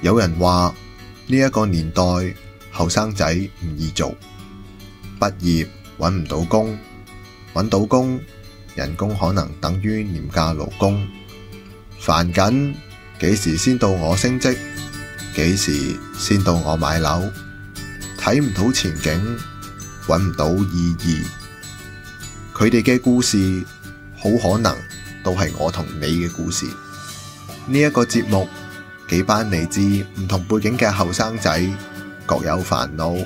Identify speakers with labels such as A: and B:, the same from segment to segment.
A: 有人話呢一個年代後生仔唔易做，畢業揾唔到工，揾到工人工可能等於廉價勞工，煩緊幾時先到我升職，幾時先到我買樓，睇唔到前景，揾唔到意義，佢哋嘅故事好可能都係我同你嘅故事，呢一個節目。幾班嚟自唔同背景嘅後生仔各有煩惱，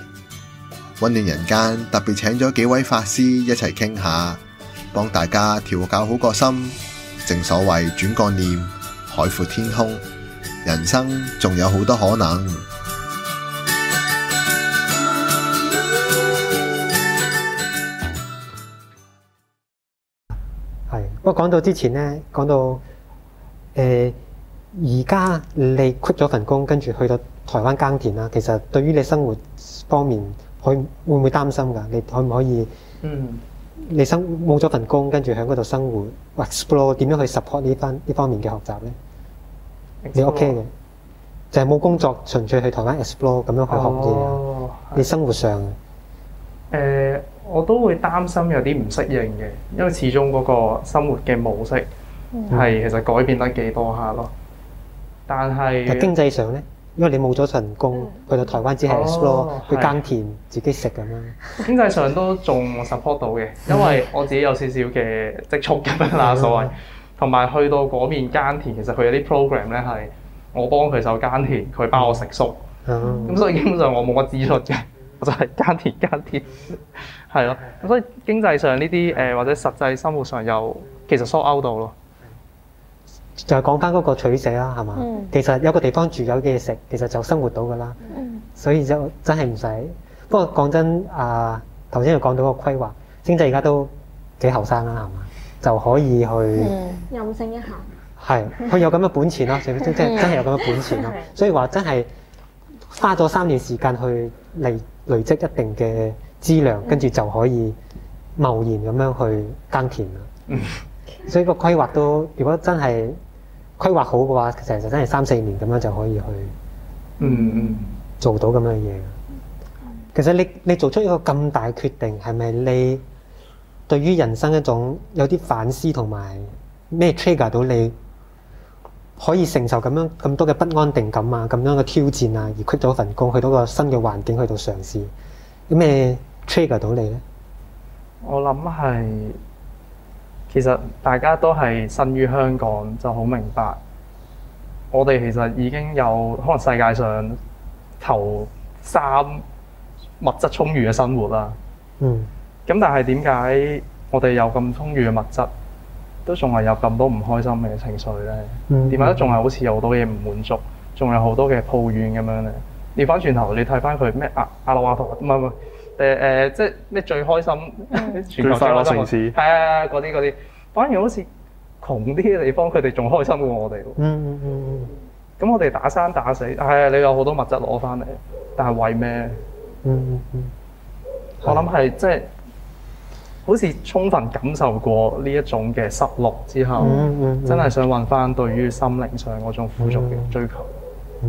A: 溫暖人間特別請咗幾位法師一齊傾下，幫大家調教好個心。正所謂轉個念，海闊天空，人生仲有好多可能。
B: 係不過講到之前呢，講到誒。呃而家你 quit 咗份工，跟住去到台灣耕田啦。其實對於你生活方面，可會唔會擔心噶？你可唔可以？嗯。你生冇咗份工，跟住喺嗰度生活，explore 點樣去 support 呢番呢方面嘅學習咧？你 OK 嘅，就係冇工作，純 Explore.、OK 就是、粹去台灣 explore 咁樣去學嘢。哦、你生活上，誒、
C: 呃，我都會擔心有啲唔適應嘅，因為始終嗰個生活嘅模式係其實改變得幾多下咯。嗯但係經濟
B: 上咧，因為你冇咗份工，去到台灣只係 explore 去耕田自己食咁樣。
C: 經濟上都仲 support 到嘅， 因為我自己有少少嘅積蓄咁樣啦，所謂。同埋、嗯、去到嗰面耕田，其實佢有啲 program 咧，係我幫佢手耕田，佢包我食宿。咁、嗯嗯、所以基本上我冇乜支出嘅，我就係耕田耕田。係咯，咁 所以經濟上呢啲誒，或者實際生活上又，其實疏勾到咯。
B: 就係講翻嗰個取捨啦，係嘛？嗯、其實有個地方住有嘅嘢食，其實就生活到噶啦。嗯、所以就真係唔使。不過講真，啊頭先佢講到個規劃，經濟而家都幾後生啦，係嘛？就可以去、
D: 嗯、任
B: 性一下。係，佢有咁嘅本錢咯，即即、 即係、真係有咁嘅本錢咯。 所以話真係花咗三年時間去累累積一定嘅資糧，嗯、跟住就可以冒然咁樣去耕田啦。嗯、所以個規劃都，如果真係，規劃好嘅話，其實就真係三四年咁樣就可以去，
E: 嗯
B: 嗯，做到咁樣嘅嘢。其實你你做出一個咁大決定，係咪你對於人生一種有啲反思同埋咩 trigger 到你可以承受咁樣咁多嘅不安定感啊、咁樣嘅挑戰啊，而 quit 咗份工去到個新嘅環境去到嘗試咩 trigger 到你咧？我諗係。
C: 其實大家都係生於香港，就好明白。我哋其實已經有可能世界上頭三物質充裕嘅生活啦。嗯。咁但係點解我哋有咁充裕嘅物質，都仲係有咁多唔開心嘅情緒咧？點解都仲係好似有好多嘢唔滿足，仲有好多嘅抱怨咁樣咧？你翻轉頭，你睇翻佢咩阿壓力大咁樣？阿誒誒、呃，即係咩最開心？全球最快樂城市。係啊，嗰啲嗰啲，反而好似窮啲嘅地方，佢哋仲開心過我哋、嗯。嗯嗯嗯。咁我哋打生打死，係啊、嗯，你有好多物質攞翻嚟，但係為咩、嗯？嗯嗯我諗係即係好似充分感受過呢一種嘅失落之後，嗯嗯嗯、真係想揾翻對於心靈上嗰種富足嘅追求。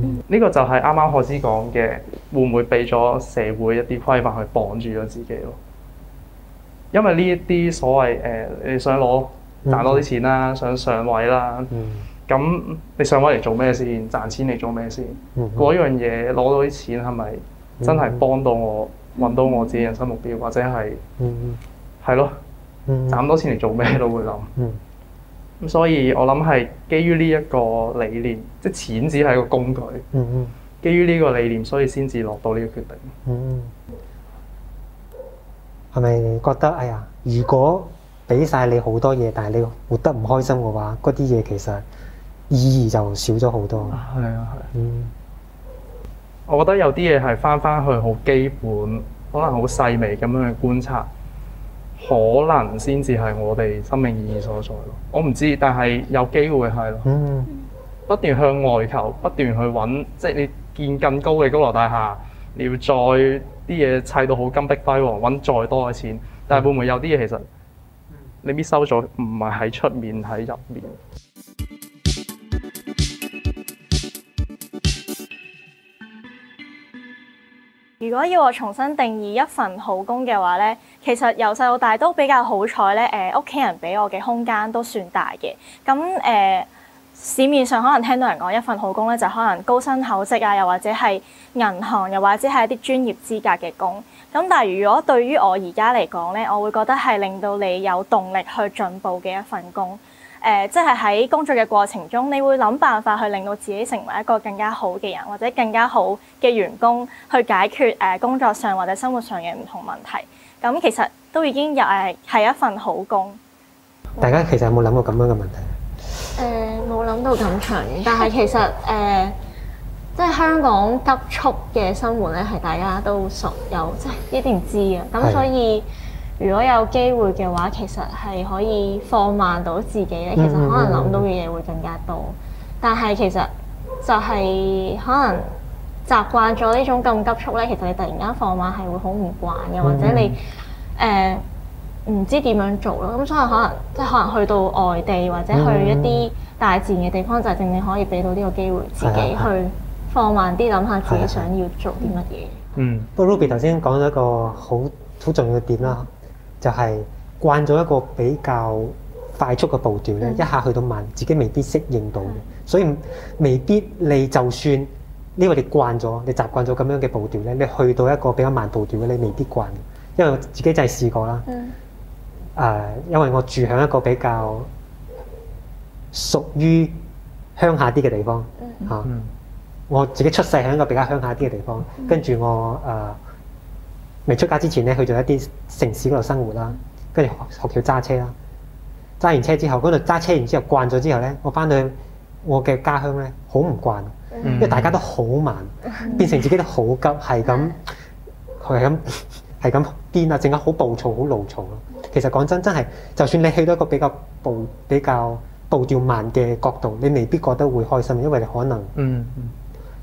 C: 呢、嗯、個就係啱啱法師講嘅，會唔會俾咗社會一啲規範去綁住咗自己咯？因為呢一啲所謂誒、呃，你想攞
E: 賺多啲
C: 錢啦，想上位啦，咁、嗯、你上位嚟做咩先？賺錢嚟做咩先？嗰、嗯嗯、樣嘢攞到啲錢係咪真係幫到我搵、嗯、到我自己人生目標，或者係係、嗯嗯、咯？賺多錢嚟做咩都會諗。嗯嗯。咁所以，我諗係基於呢一個理念，即錢只係一個工具。嗯嗯。嗯基於呢個理念，所以先至落到呢個決
E: 定。嗯
B: 嗯。係咪覺得？哎呀，如果俾晒你好多嘢，但係你活得唔開心嘅話，嗰啲嘢其實意義就少咗好多。係啊，係、啊。啊、
C: 嗯。我覺得有啲嘢係返返去好基本，可能好細微咁樣去觀察。可能先至係我哋生命意義所在咯。我唔知，但係有機會係咯。不斷向外求，不斷去揾，即係你建更高嘅高樓大廈，你要再啲嘢砌到好金碧輝煌，揾再多嘅錢。但係會唔會有啲嘢其實你搣收咗，唔係喺出面，喺入面？
D: 如果要我重新定義一份好工嘅話，咧，其實由細到大都比較好彩咧，誒屋企人俾我嘅空間都算大嘅。咁誒、呃、市面上可能聽到人講一份好工咧，就可能高薪口職啊，又或者係銀行，又或者係一啲專業資格嘅工。咁但係如果對於我而家嚟講咧，我會覺得係令到你有動力去進步嘅一份工。誒、呃，即係喺工作嘅過程中，你會諗辦法去令到自己成為一個更加好嘅人，或者更加好嘅員工去解決誒、呃、工作上或者生活上嘅唔同問題。咁其實都已經誒係一份好工。
B: 大家其實有冇諗過咁樣嘅問題？
D: 誒、呃，冇諗到咁長嘅，但係其實誒、呃，即係香港急促嘅生活咧，係大家都熟有即係一定知啊，咁所以。如果有機會嘅話，其實係可以放慢到自己咧。其實可能諗到嘅嘢會更加多。Mm hmm. 但係其實就係可能習慣咗呢種咁急促咧，其實你突然間放慢係會好唔慣嘅，或者你誒，mm hmm. 呃，唔知點樣做咯。咁所以可能即係可能去到外地或者去一啲大自然嘅地方，mm hmm. 就正正可以俾到呢個機會自己去放慢啲諗下自己想要做啲乜嘢。嗯，
B: 不過 Ruby 頭先講咗一個好好重要嘅點啦。就係、是、慣咗一個比較快速嘅步調咧，嗯、一下去到慢，自己未必適應到，嗯、所以未必你就算呢個你慣咗，你習慣咗咁樣嘅步調咧，你去到一個比較慢步調嘅，你未必慣，因為我自己就係試過啦。誒、嗯呃，因為我住喺一個比較屬於鄉下啲嘅地方嚇，啊嗯、我自己出世喺一個比較鄉下啲嘅地方，跟住我誒。呃未出家之前咧，去咗一啲城市嗰度生活啦，跟住學學叫揸車啦。揸完車之後，嗰度揸車完之後慣咗之後咧，我翻到去我嘅家鄉咧，好唔慣，因為大家都好慢，變成自己都好急，係咁係咁係咁癲啊，成日好暴躁，好怒躁咯。其實講真，真係就算你去到一個比較步、比較步調慢嘅角度，你未必覺得會開心，因為你可能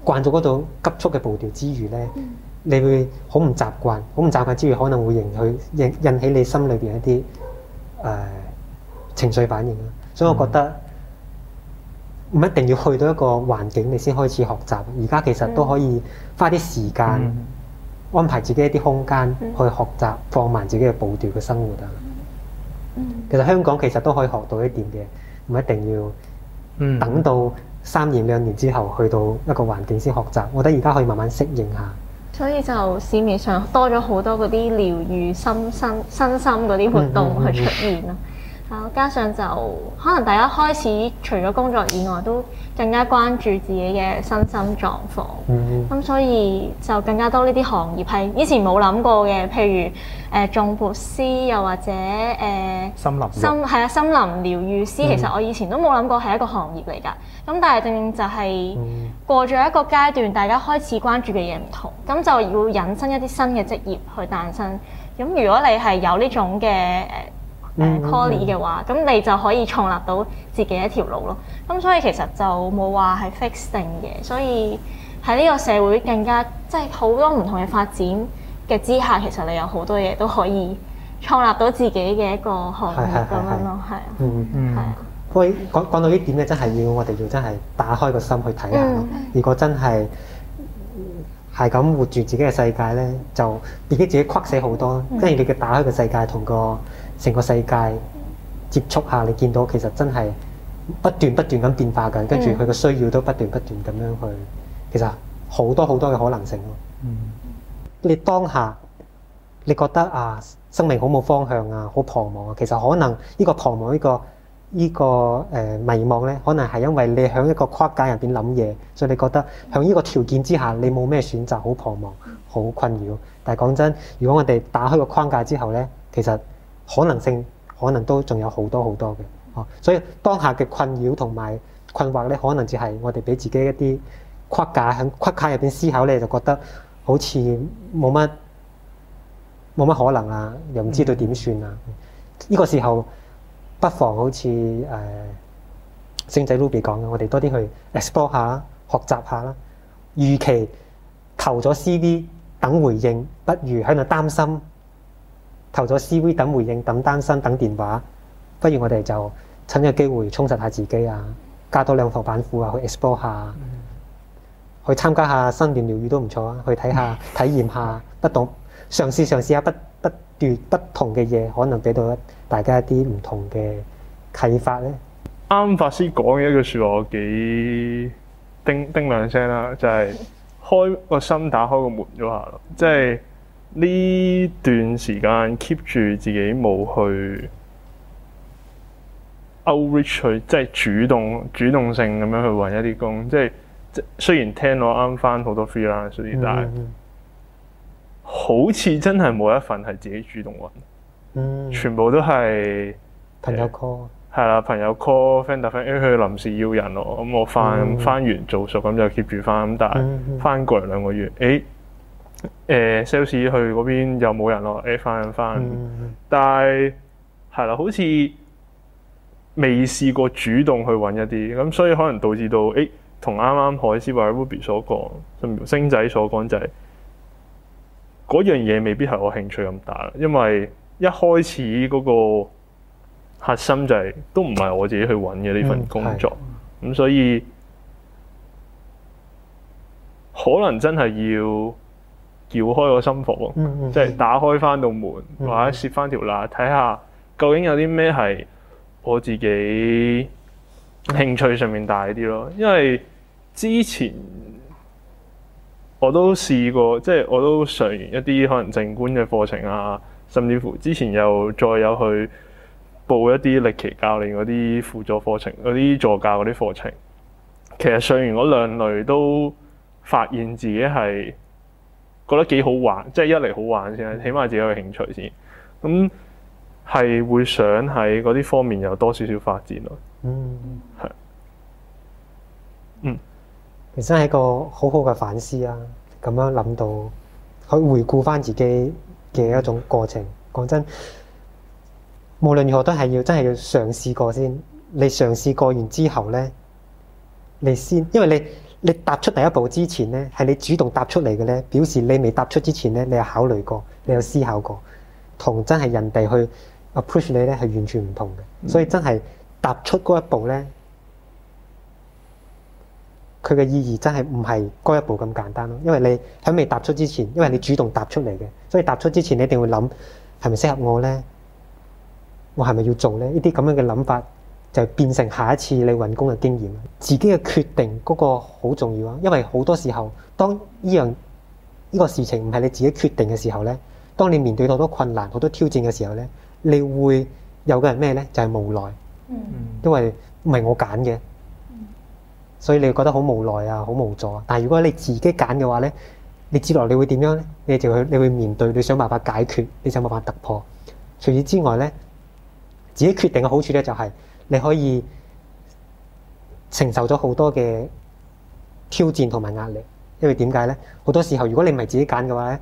B: 慣咗嗰度急速嘅步調之餘咧。 你會好唔習慣，好唔習慣之餘，可能會引起引引起你心裏邊一啲誒、呃、情緒反應啦。所以我覺得唔、嗯、一定要去到一個環境你先開始學習。而家其實都可以花啲時間、嗯、安排自己一啲空間、嗯、去學習，放慢自己嘅步調嘅生活啊。嗯、
E: 其
B: 實香港其實都可以學到一點嘅，唔一定要等到三年兩年之後去到一個環境先學習。我覺得而家可以慢慢適應下。
D: 所以就市面上多咗好多嗰啲療愈身心身心嗰啲活動去出現啦。加上就可能大家開始除咗工作以外，都更加關注自己嘅身心狀況，咁、嗯嗯、所以就更加多呢啲行業，係以前冇諗過嘅，譬如誒頌缽師又或者誒、呃、森林森、啊，森啊森林療愈師，嗯、其實我以前都冇諗過係一個行業嚟噶，咁但係正正就係過咗一個階段，嗯、大家開始關注嘅嘢唔同，咁就要引申一啲新嘅職業去誕生。咁如果你係有呢種嘅誒。
E: 誒 callie 嘅話，
D: 咁你就可以創立到自己一條路咯。咁所以其實就冇話係 fix 定嘅，所以喺呢個社會更加即係好多唔同嘅發展嘅之下，其實你有好多嘢都可以創立到自己嘅一個行業咁樣咯。係啊是、嗯，嗯嗯。
B: 喂是，講講到呢點嘅，真係要我哋要真係打開個心去睇下。嗯、如果真係係咁活住自己嘅世界咧，就自己自己鬱死好多。即、嗯嗯嗯、因為你嘅打開個世界同個成個世界接觸下，你見到其實真係不斷不斷咁變化緊，跟住佢個需要都不斷不斷咁樣去。其實好多好多嘅可能性咯。嗯、你當下你覺得啊，生命好冇方向啊，好彷徨啊。其實可能呢個彷徨、呢個，呢、呢個呢個誒迷惘呢，可能係因為你喺一個框架入邊諗嘢，所以你覺得喺呢個條件之下你冇咩選擇，好彷徨，好困擾。但係講真，如果我哋打開個框架之後呢，其實～.可能性可能都仲有好多好多嘅，哦，所以當下嘅困擾同埋困惑咧，可能就係我哋俾自己一啲框架喺框架入邊思考咧，就覺得好似冇乜冇乜可能啊，又唔知道點算啊。呢個時候不妨好似誒星仔 Ruby 講嘅，我哋多啲去 explore 下，學習下啦。預期投咗 CV 等回應，不如喺度擔心。投咗 CV 等回應，等單身，等電話，不如我哋就趁呢個機會充實下自己啊，加多兩頭板斧啊，去 explore 下，去參加下新聯療癒都唔錯啊，去睇下，體驗下，下不同，嘗試嘗試下不不斷不同嘅嘢，可能俾到大家一啲唔同嘅啟發咧。
A: 啱法師講嘅一句説話，我幾叮叮兩聲啦，就係、是，開個心，打開個門咗下咯，即、就、係、是。 呢段時間 keep 住自己冇去 outreach 去，即係主動主動性咁樣去搵一啲工，即係即係雖然聽我啱返好多 freelance 但係、嗯嗯、好似真係冇一份係自己主動搵，嗯、全部都係
B: 朋友 call，
A: 係啦、呃、朋友 call friend 搭 friend，因為佢臨時要人咯，咁、嗯、我返返、嗯、完做熟咁就 keep 住返，咁但係返過嚟兩個月，誒。誒誒，sales、呃、去嗰邊又冇人咯，誒翻翻，但係係啦，好似未試過主動去揾一啲，咁所以可能導致到誒，同啱啱海思或者 Ruby 所講，星仔所講就係、是、嗰樣嘢未必係我興趣咁大啦，因為一開始嗰個核心就係、是、都唔係我自己去揾嘅呢份工作，咁的所以可能真係要。撬開個心房，嗯嗯、即係打開翻道門，嗯、或者攝翻條罅，睇下究竟有啲咩係我自己興趣上面大啲咯。因為之前我都試過，即係我都上完一啲可能靜觀嘅課程啊，甚至乎之前又再有去報一啲歷奇教練嗰啲輔助課程，嗰啲助教嗰啲課程。其實上完嗰兩類都發現自己係。覺得幾好玩，即係一嚟好玩先，起碼自己有興趣先。咁係會想喺嗰啲方面有多少少發展咯、嗯。嗯，
B: 係，嗯，其實係一個好好嘅反思啊。咁樣諗到，去回顧返自己嘅一種過程。講真，無論如何都係要真係要嘗試過先。你嘗試過完之後咧，你先，因為你。你踏出第一步之前咧，係你主動踏出嚟嘅咧，表示你未踏出之前咧，你有考慮過，你有思考過，同真係人哋去 approach 你咧，係完全唔同嘅。所以真係踏出嗰一步咧，佢嘅意義真係唔係嗰一步咁簡單咯。因為你喺未踏出之前，因為你主動踏出嚟嘅，所以踏出之前你一定會諗係咪適合我咧？我係咪要做咧？呢啲咁樣嘅諗法。就變成下一次你揾工嘅經驗，自己嘅決定嗰個好重要啊！因為好多時候，當呢樣呢個事情唔係你自己決定嘅時候呢，當你面對好多困難、好多挑戰嘅時候呢，你會有嘅係咩呢？就係、是、無奈，因為唔係我揀嘅，所以你會覺得好無奈啊，好無助啊！但係如果你自己揀嘅話呢，你接落你會點樣呢？你就去，你會面對，你想辦法解決，你想辦法突破。除此之外呢，自己決定嘅好處呢、就是，就係～你可以承受咗好多嘅挑戰同埋壓力，因為點解咧？好多時候，如果你唔係自己揀嘅話咧，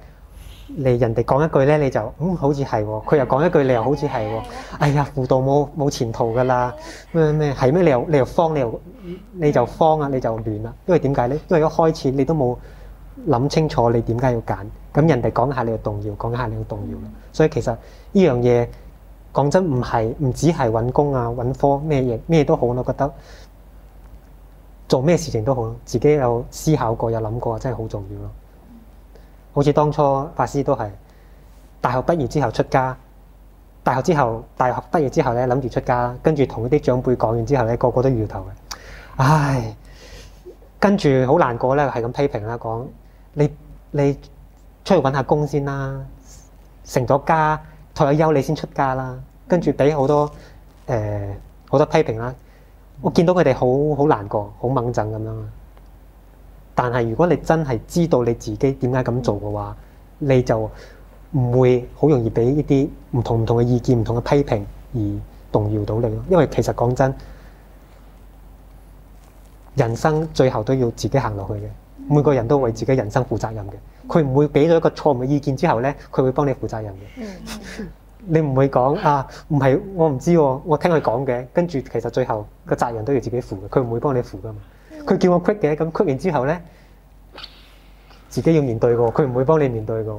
B: 你人哋講一句咧，你就嗯，好似係喎，佢又講一句你又好似係喎，哎呀輔導冇冇前途㗎啦咩咩係咩？你又你又慌，你又你就慌啊，你就亂啦、啊。因為點解咧？因為一開始你都冇諗清楚你點解要揀，咁人哋講下你就動搖，講下你就動搖啦。所以其實呢樣嘢。講真，唔係唔止係搵工啊，搵科咩嘢咩都好咯。我覺得做咩事情都好，自己有思考過，有諗過，真係好重要咯。好似當初法師都係大學畢業之後出家，大學之後大學畢業之後咧諗住出家，跟住同啲長輩講完之後咧個個都搖頭，唉，跟住好難過咧，係咁批評啦，講你你出去搵下工先啦，成咗家。退休你先出家啦，跟住俾好多誒好、呃、多批評啦，我見到佢哋好好難過，好猛震咁樣。但係如果你真係知道你自己點解咁做嘅話，你就唔會好容易俾一啲唔同唔同嘅意見唔同嘅批評而動搖到你咯。因為其實講真，人生最後都要自己行落去嘅。每個人都為自己人生負責任嘅，佢唔會俾到一個錯誤嘅意見之後咧，佢會幫你負責任嘅。 你唔會講啊，唔係我唔知喎、啊，我聽佢講嘅，跟住其實最後個責任都要自己負嘅，佢唔會幫你負噶嘛。佢 叫我 quit 嘅，咁 quit 完之後咧，自己要面對嘅，佢唔會幫你面對嘅，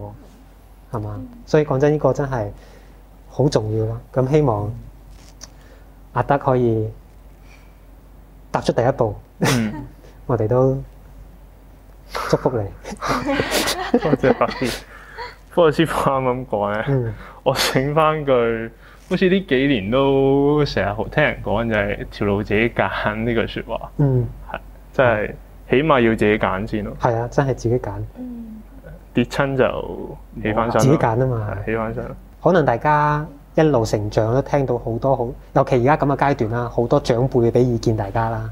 B: 係嘛？ 所以講真，呢、呢個真係好重要啦。咁希望阿德可以踏出第一步， 我哋都～祝福你，
A: 多謝法師。不過師父啱啱講咧，嗯、我醒翻句，好似呢幾年都成日好聽人講，就係、是、條路自己揀呢句説話。
E: 嗯，係，真、
A: 就、係、是、起碼要自己揀先咯。
B: 係啊，真係自己揀。嗯、
A: 跌親就起翻身。自己揀
B: 啊嘛，起翻身。可能大家一路成長都聽到好多好，尤其而家咁嘅階段啦，好多長輩嘅俾意見大家啦。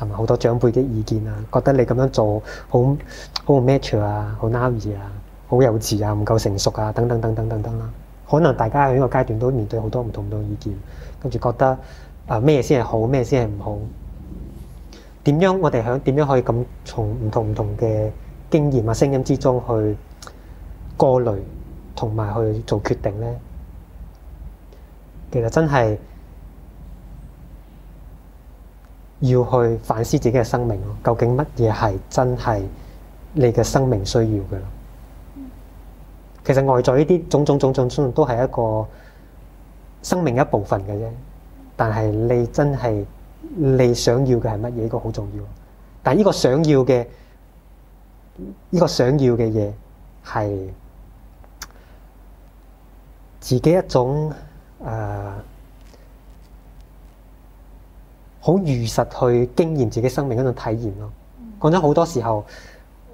B: 係嘛？好多長輩嘅意見啊，覺得你咁樣做好好 mature 啊，好 naive 啊，好幼稚啊，唔夠成熟啊，等等等等等等啦。可能大家喺呢個階段都面對好多唔同唔同嘅意見，跟住覺得啊咩先係好，咩先係唔好，點樣我哋想點樣可以咁從唔同唔同嘅經驗啊聲音之中去過濾，同埋去做決定咧？其實真係。要去反思自己嘅生命咯，究竟乜嘢係真係你嘅生命需要嘅咯？其實外在呢啲種種種種都係一個生命一部分嘅啫，但係你真係你想要嘅係乜嘢？呢個好重要，但係呢個想要嘅呢個想要嘅嘢係自己一種誒。好如實去經驗自己生命嗰種體驗咯。講真，好多時候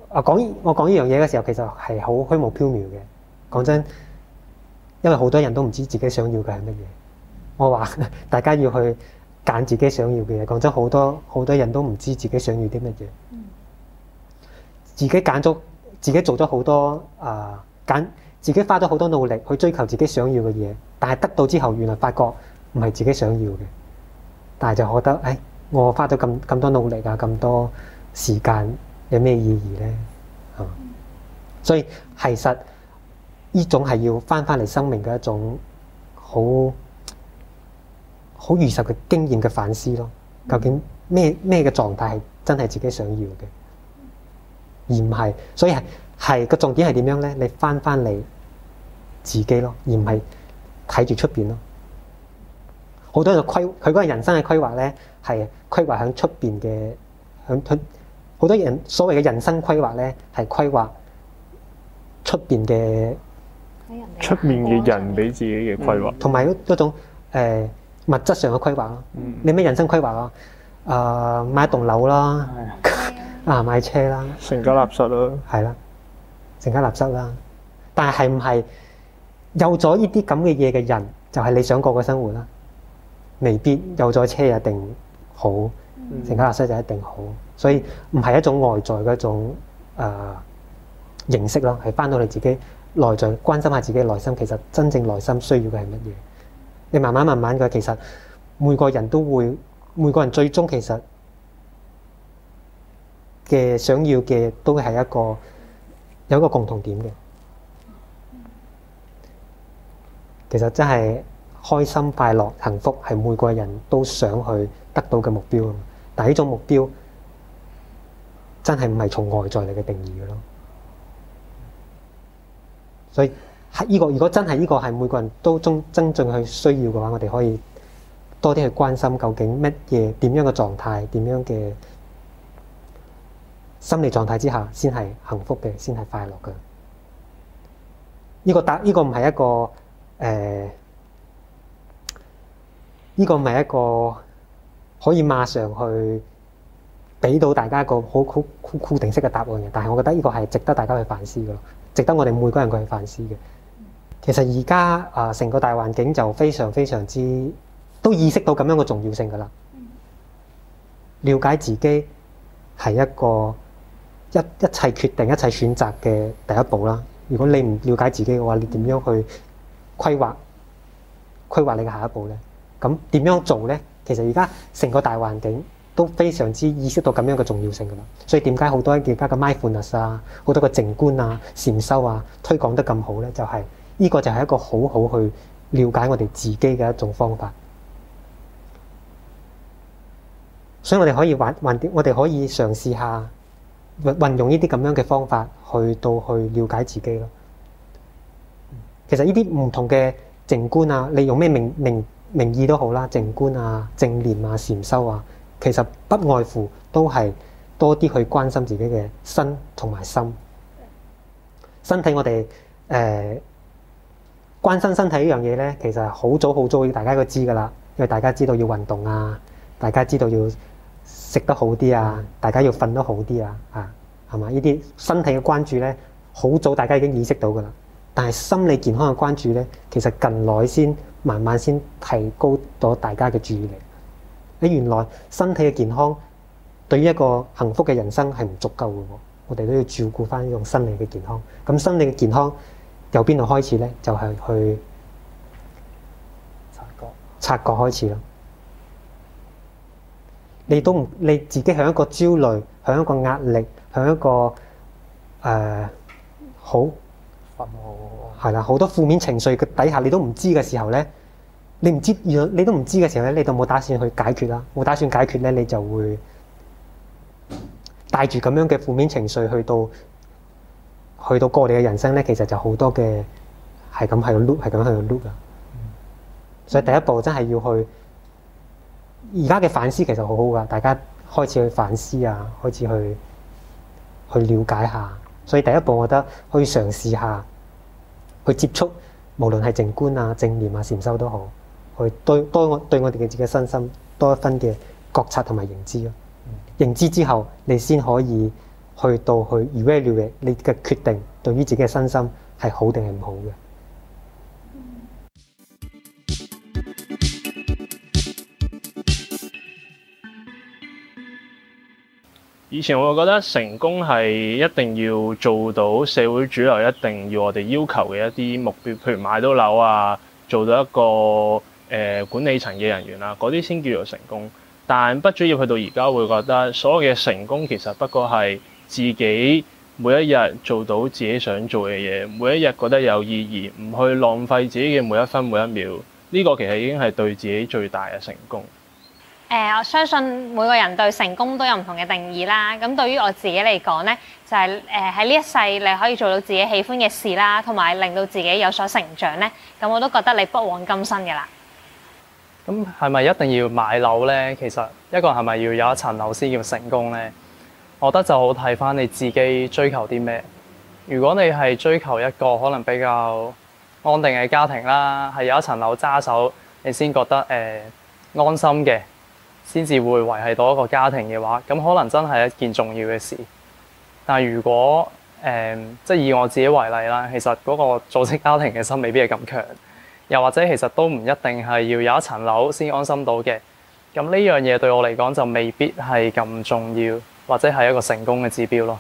B: 啊，講我講呢樣嘢嘅時候，其實係好虛無縹緲嘅。講真，因為好多人都唔知自己想要嘅係乜嘢。我話大家要去揀自己想要嘅嘢。講真，好多好多人都唔知自己想要啲乜嘢。自己揀咗，自己做咗好多啊揀、呃，自己花咗好多努力去追求自己想要嘅嘢，但係得到之後，原來發覺唔係自己想要嘅。但係就覺得，誒、哎，我花咗咁咁多努力啊，咁多時間，有咩意義咧？啊，所以其實呢種係要翻翻嚟生命嘅一種好好如實嘅經驗嘅反思咯。究竟咩咩嘅狀態係真係自己想要嘅，而唔係。所以係係個重點係點樣咧？你翻翻嚟自己咯，而唔係睇住出邊咯。好多人規，佢嗰個人生嘅規劃咧，係規劃喺出邊嘅。響出好多人所謂嘅人生規劃咧，係規劃出邊嘅出面嘅人俾自己嘅規劃，同埋一一種誒物質上嘅規劃咯。你咩人生規劃啊？誒買一棟樓啦，啊買車啦，成家立室咯，係啦，成家立室啦。但係係唔係有咗呢啲咁嘅嘢嘅人，就係你想過嘅生活啦？未必有咗車一定好，
E: 成家阿 s 就一定好，
B: 所以唔係一種外在嘅一種誒認識咯，係、呃、翻到你自己內在，關心下自己內心，其實真正內心需要嘅係乜嘢？你慢慢慢慢嘅，其實每個人都會，每個人最終其實嘅想要嘅都係一個有一個共同點嘅，其實真係。開心、快樂、幸福係每個人都想去得到嘅目標啊。但係呢種目標真係唔係從外在嚟嘅定義嘅咯。所以係呢個，如果真係呢個係每個人都真正去需要嘅話，我哋可以多啲去關心究竟乜嘢點樣嘅狀態，點樣嘅心理狀態之下先係幸福嘅，先係快樂嘅。呢個答呢個唔係一個誒。呢個唔係一個可以馬上去俾到大家一個好固定式嘅答案嘅，但係我覺得呢個係值得大家去反思嘅，值得我哋每個人佢去反思嘅。其實而家啊，成、呃、個大環境就非常非常之都意識到咁樣嘅重要性㗎啦。了解自己係一個一一切決定、一切選擇嘅第一步啦。如果你唔了解自己嘅話，你點樣去規劃規劃你嘅下一步咧？咁點樣，樣做咧？其實而家成個大環境都非常之意識到咁樣嘅重要性㗎啦。所以點解好多而家嘅 mindfulness 啊，好多嘅靜觀啊、禪修啊，推廣得咁好咧？就係、是、呢個就係一個好好去了解我哋自己嘅一種方法。所以我哋可以運啲，我哋可以嘗試下運用呢啲咁樣嘅方法去到去了解自己咯。其實呢啲唔同嘅靜觀啊，你用咩名名？名名義都好啦，靜觀啊、正念啊、禪修啊，其實不外乎都係多啲去關心自己嘅身同埋心。身體我哋誒、呃、關心身體呢樣嘢咧，其實係好早好早，大家都知噶啦，因為大家知道要運動啊，大家知道要食得好啲啊，大家要瞓得好啲啊，啊係嘛？呢啲身體嘅關注咧，好早大家已經意識到噶啦。但係心理健康嘅關注咧，其實近來先慢慢先提高咗大家嘅注意力。你原來身體嘅健康對於一個幸福嘅人生係唔足夠嘅，我哋都要照顧返呢種心理嘅健康。咁心理嘅健康由邊度開始咧？就係、是、去察覺，察覺開始啦。你都唔你自己喺一個焦慮，喺一個壓力，喺一個誒、呃、好。係啦、嗯，好，好多負面情緒嘅底下，你都唔知嘅時候咧，你唔知，你都唔知嘅時候咧，你都冇打算去解決啦。冇打算解決咧，你就會帶住咁樣嘅負面情緒去到，去到過嚟嘅人生咧，其實就好多嘅，係咁係個 loop，係咁係個 loop 啊。所以第一步真係要去，而家嘅反思其實好好噶，大家開始去反思啊，開始去去了解下。所以第一步，我覺得可以嘗試下去接觸，無論係靜觀啊、正念啊、禪修都好，去多多我對我哋嘅自己身心多一分嘅覺察同埋認知咯。嗯。認知之後，你先可以去到去 evaluate 你嘅決定對於自己嘅身心係好定係唔好嘅。以
A: 前我會覺得成功係一定要做到社會主流，一定要我哋要求嘅一啲目標，譬如買到樓啊，做到一個誒、呃、管理層嘅人員啊，嗰啲先叫做成功。但畢咗業去到而家會覺得，所有嘅成功其實不過係自己每一日做到自己想做嘅嘢，每一日覺得有意義，唔去浪費自己嘅每一分每一秒，呢、這個其實已經係對自己最大嘅成功。
D: 誒、呃，我相信每個人對成功都有唔同嘅定義啦。咁對於我自己嚟講呢就係誒喺呢一世你可以做到自己喜歡嘅事啦，同埋令到自己有所成長呢。咁我都覺得你不枉今生噶啦。
C: 咁係咪一定要買樓呢？其實一個人係咪要有一層樓先叫成功呢？我覺得就好睇翻你自己追求啲咩。如果你係追求一個可能比較安定嘅家庭啦，係有一層樓揸手，你先覺得誒、呃、安心嘅。先至會維繫到一個家庭嘅話，咁可能真係一件重要嘅事。但係如果誒、呃，即係以我自己為例啦，其實嗰個組織家庭嘅心未必係咁強，又或者其實都唔一定係要有一層樓先安心到嘅。咁呢樣嘢對我嚟講就未必係咁重要，或者係一個成功嘅指標咯。